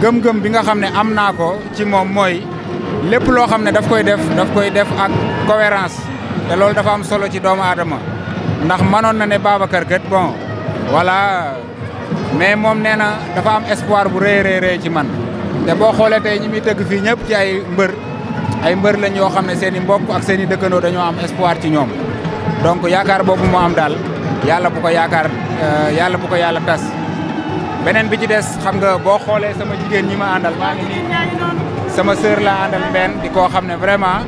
gëm-gëm bi nga xam ne am naa ko ci moom mooy lépp loo xam ne daf koy def daf koy def ak cohérence te loolu dafa am solo ci doomu aadama ndax manoon na ne Babacar kat bon voilà mais moom nee na dafa am espoir bu rëy rëy ci man te boo xoolee tey ñi muy tëgg fii ñëpp ci ay mbër ay mbër lañ yoo xam ne seen i mbokk ak seeni i dañoo am espoir ci ñoom donc yaakaar boobu mu am daal yàlla bu ko yaakaar euh, yàlla bu ko yàlla tas beneen bi ci des xam nga boo xoolee sama jigéen ñi ma àndal sama sœur la àndal di koo xam ne vraiment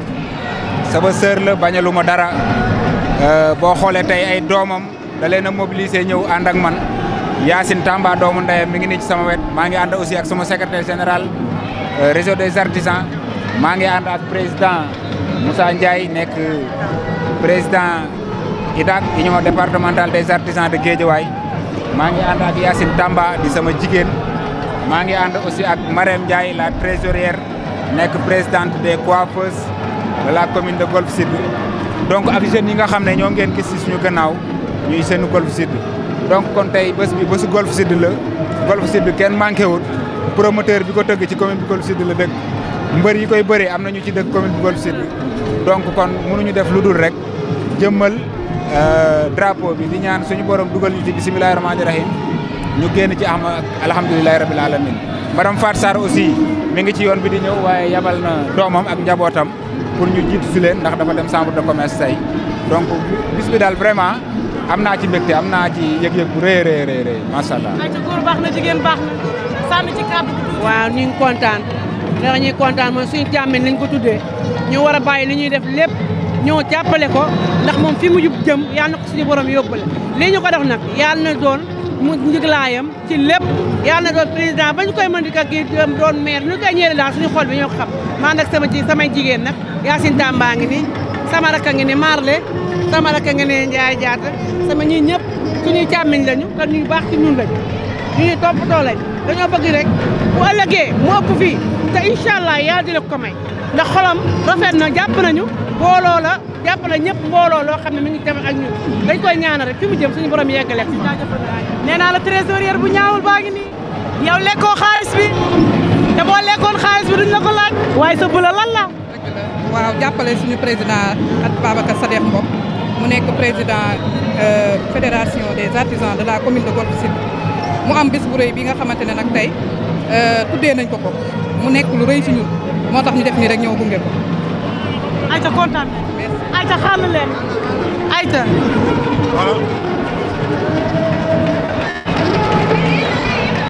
sama sœur la bañalu ma dara euh, boo xoolee tey ay doomam da leen a mobiliser ñëw ànd ak man Yacine Tamba doomu ndeyam mi ngi nii ci sama wet maa ngi ànd aussi ak sama secrétaire général euh, réseau des artisans maa ngi ànd ak président Moussa Ndiaye nekk président IDAC union départementale des artisans de Guédiawaye maa ngi ànd ak Yacine Tamba di sama jigéen maa ngi ànd aussi ak Marème Ndiaye la trésorière nekk présidente des coiffeuses de la commune de Golf Sud donc ak jeunes yi nga xam ne ñoo ngeen gis ci suñu gannaaw ñuy seenu Golf Sud donc kon tey bés bi bésu Golf Sud la Golf Sud kenn manqué wul promoteur bi ko tëgg ci commune bi Golf Sud la dëkk mbër yi koy bëree am na ñu ci dëkk commune bu Golf Sud donc kon mënuñu def lu dul rek jëmmal Euh, drapeau bi di ñaan suñu borom dugal ñu ci bisimilahi rahmaani rahim ñu génn ci am alhamdulilahi rabil alamin madame Fat Sarr aussi mi ngi ci yoon bi di ñëw waaye yabal na doomam ak jabootam pour ñu jiitu si leen ndax dafa dem chambre de commerce tey donc bis bi daal vraiment am naa ci mbégte am naa ci yëg-yëg bu rëy rëy rëy rëy macha na jigéen baax na ci kàddu waaw ñu kontaan ndax ñuy kontaan mooy suñu jàmm nañ ko tuddee ñu war a li ñuy def lép ñoo jàppale ko ndax moom fi mu jub jëm yàlla na si suñu borom yóbbale lii ñu ko def nag yàlla na doon mu njëglaayam ci lépp yàlla na doon président ba ñu koy mën di ko kii doon maire ñu koy laa daal suñu bi ñoo ko xam maa nag sama ci samay jigéen nag Yacine Tamba ngi ni sama rakk ngi ne Marle sama rakk ngi ne Ndiaye Diatta sama ñii ñëpp suñuy càmmiñ lañu te ñuy baax ci ñun lañu ñuy toppatoo lañu dañoo bëgg rek bu ëllëgee mu ëpp fii te incha allah yàlla dina ko ndax xolam rafet na jàpp nañu mbooloo la jàpp na ñëpp mbooloo loo xam ne mi ngi dem ak ñun dañ koy ñaanal rek fi mu jëm suñu borom yeggale ko. nee naa la trésorière bu ñaawul baa ngi nii. yow lekkoo xaalis bi te boo lekkoon xaalis bi duñ la ko laaj. waaye sa bula lan waaw jàppale suñu président ak Babacar Sadekh Mbop mu nekk président euh, fédération des artisans de la commune de Golf mu am bés bu rëy bi nga xamante ne nag tey euh, tuddee nañ ko ko mu nekk lu rëy ci ñun moo tax ñu def nii rek ñëw gunge ko. Aïcha kontaan nañ. merci Aïcha xàll leen Aïcha. voilà.